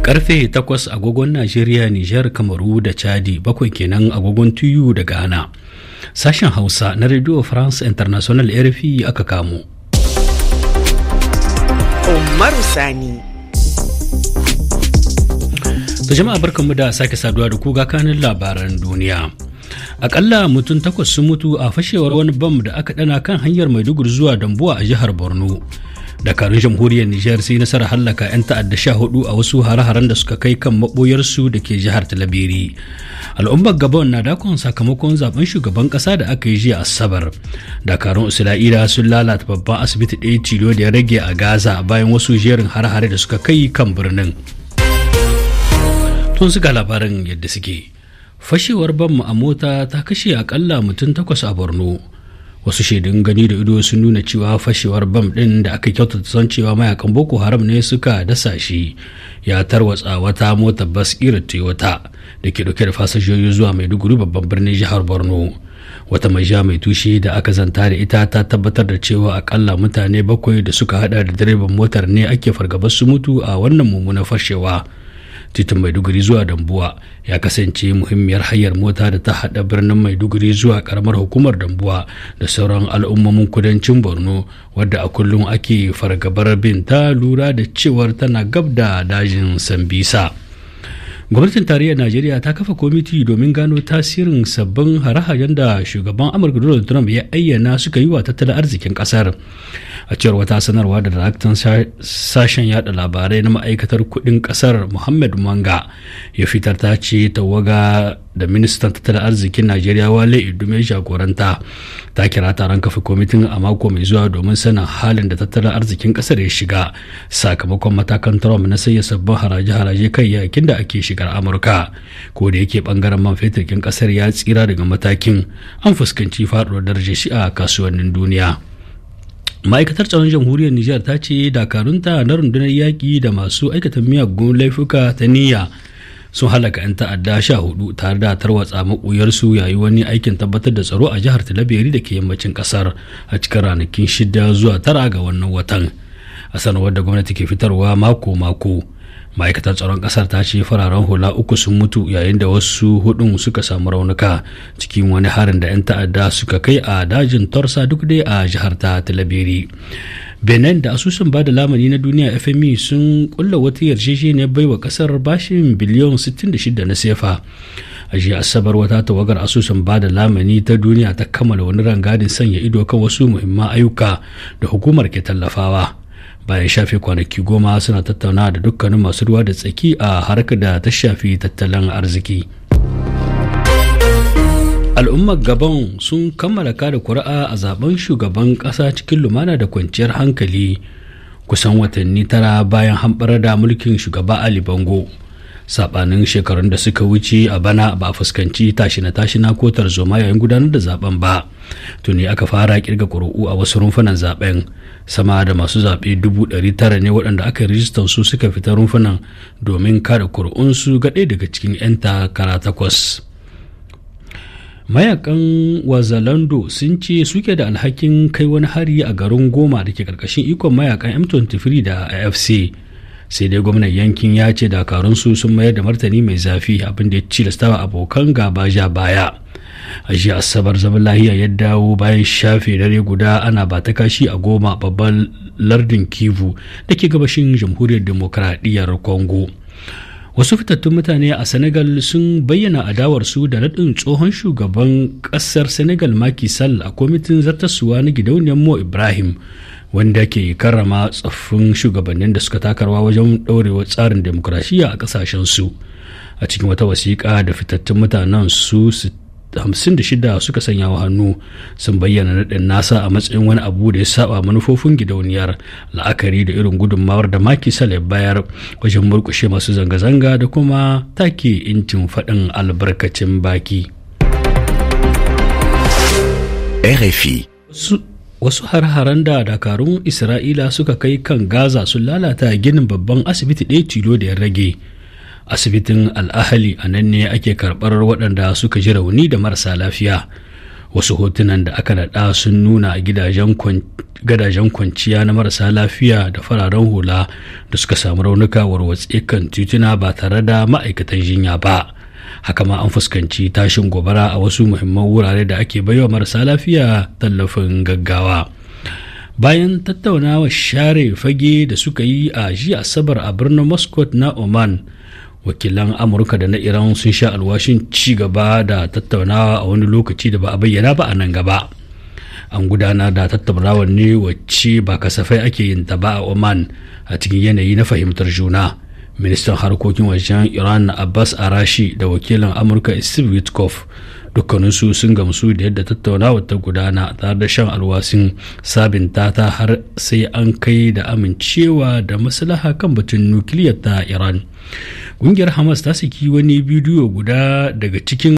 Karfe takwas, agogon Najeriya, Nijar, Kamaru da Chadi bakwai kenan agogon Tuyu da Ghana. Sashen Hausa na Radio France International RFI aka kamo. Umar Sani. Ta jama'a barkanmu da sake saduwa da kuga kanin labaran duniya. akalla mutum takwas sun mutu a fashewar wani bam da aka dana kan hanyar maiduguri zuwa dambuwa a jihar borno dakarun jamhuriyar nijar sai nasara hallaka 'yan ta'adda sha hudu a wasu hare-haren da suka kai kan maboyarsu da ke jihar talabiri al'ummar gabon na dakon sakamakon zaben shugaban kasa da aka yi jiya asabar dakarun isra'ila sun lalata babban asibiti ɗaya tilo da ya rage a gaza bayan wasu jerin hare-hare da suka kai kan birnin tun suka labarin yadda suke fashewar ban a mota ta kashe akalla mutum takwas a borno wasu shaidun gani da ido sun nuna cewa fashewar bam ɗin da aka kyautata son cewa mayakan boko haram ne suka dasa shi ya tarwatsa wata mota bas irin toyota da ke dauke da fasashiyoyi zuwa maiduguri babban birnin jihar borno wata mai mai tushe da aka zanta da ita ta tabbatar da cewa akalla mutane bakwai da suka hada da direban motar ne ake fargabar su mutu a wannan mummunar fashewa titin maiduguri zuwa dambuwa ya kasance muhimmiyar hanyar mota da ta hada birnin maiduguri zuwa karamar hukumar dambuwa da sauran al'ummomin kudancin borno wadda a kullum ake fargabar bin ta lura da cewar tana gab da dajin sambisa gwamnatin tarayyar najeriya ta kafa kwamiti domin gano tasirin sabbin hare-haren da shugaban amurka donald trump ya ayyana suka yi wa tattalin arzikin kasar a cewar wata sanarwa da daraktan sashen yada labarai na ma'aikatar kudin kasar muhammad manga ya fitar ta ce tawaga da ministan tattalin arzikin najeriya wale idume jagoranta ta kira taron kafa kwamitin a mako mai zuwa domin sanin halin da tattalin arzikin kasar ya shiga sakamakon matakan trump na sanya sabbin haraje-haraje kan yakin da ake shigar amurka ko da yake bangaren man fetur kasar ya tsira daga matakin an fuskanci faɗuwar darajar shi a kasuwannin duniya. ma'aikatar tsaron jamhuriyar nijar ta ce dakarunta na rundunar yaƙi da masu aikata miyagun laifuka ta niyya sun halaka 'yan ta'adda sha hudu tare da tarwatsa maɓuyarsu yayi wani aikin tabbatar da tsaro a jihar talabiri da ke yammacin ƙasar a cikin ranakin shida zuwa tara ga wannan watan a sanarwar da gwamnati ke fitarwa mako-mako ma'aikatar tsaron kasar ta ce fararen hula uku sun mutu yayin da wasu hudun suka samu raunuka cikin wani harin da 'yan ta'adda suka kai a dajin torsa duk dai a jihar ta talabiri benin da asusun ba da lamani na duniya fme sun kulla wata yarjejeniyar baiwa kasar bashin biliyon 66 na sefa a jiya asabar wata tawagar asusun ba da lamani ta duniya ta kammala wani rangadin sanya ido kan wasu muhimman ayyuka da hukumar ke tallafawa bayan shafe kwanaki goma suna tattauna da dukkanin masu ruwa da tsaki a harkar da ta shafi tattalin arziki al'ummar gabon sun kammala kada kuri'a a zaben shugaban kasa cikin lumana da kwanciyar hankali kusan watanni tara bayan hamɓarar da mulkin shugaba ali bango sabanin shekarun da suka wuce a bana ba a fuskanci tashi na tashi na ko tarzoma yayin gudanar da zaben ba tuni aka fara kirga kuru'u a wasu rumfunan zaben sama da masu zaɓe dubu ɗari tara ne waɗanda aka rijistar su suka fita rumfunan domin kada kuru'unsu ga ɗaya daga cikin 'yan takara takwas. mayakan wazalando sun ce suke da alhakin kai wani hari a garin goma da ke karkashin ikon mayakan m23 da afc sai dai gwamnan yankin ya ce dakarunsu sun mayar da martani mai zafi abin da ya cilastawa abokan gaba ja baya a jiya asabar zaman lahiya ya dawo bayan shafe dare guda ana ba ta kashi a goma babban lardin kivu da ke gabashin jamhuriyar demokradiyyar congo wasu fitattun mutane a senegal sun bayyana adawarsu da naɗin tsohon shugaban ƙasar senegal makisal a kwamitin zartaswa na gidauniyar mo ibrahim wanda ke karrama tsoffin shugabannin da suka takarwa wajen ɗorewa tsarin demokrasiyya a ƙasashensu a cikin wata wasiƙa da fitattun mutanen su 56 suka sanya wa hannu sun bayyana naɗin nasa a matsayin wani abu da ya saba manufofin gidauniyar la'akari da irin gudunmawar da maki sale bayar wajen murkushe masu zanga-zanga da kuma take intin faɗin albarkacin baki RFI wasu har-haren da dakarun isra'ila suka kai kan gaza sun lalata ginin babban asibiti ɗaya tilo da ya rage asibitin al'ahali a nan ne ake karɓar waɗanda suka ji rauni da marasa lafiya wasu hotunan da aka naɗa sun nuna gadajen kwanciya na marasa lafiya da fararen hula da suka samu raunuka warwatse kan tituna ba tare da ma'aikatan jinya ba. haka ma an fuskanci tashin gobara a wasu muhimman wurare da ake baiwa marasa lafiya tallafin gaggawa bayan tattaunawa share fage da suka yi a jiya asabar a birnin moscow na oman wakilan amurka da na iran sun sha alwashin ci gaba da tattaunawa a wani lokaci da ba a bayyana ba a nan gaba an gudana da tattaunawa ne wacce ba kasafai ake yin ta ba a oman a cikin yanayi na fahimtar juna ministan harkokin wajen iran na abbas arashi da wakilin amurka steve witkoff dukkaninsu sun gamsu da yadda tattaunawar ta gudana tare da shan alwasin sabinta ta har sai an kai da amincewa da maslaha kan batun nukiliyar ta iran ƙungiyar hamas ta saki wani bidiyo guda daga cikin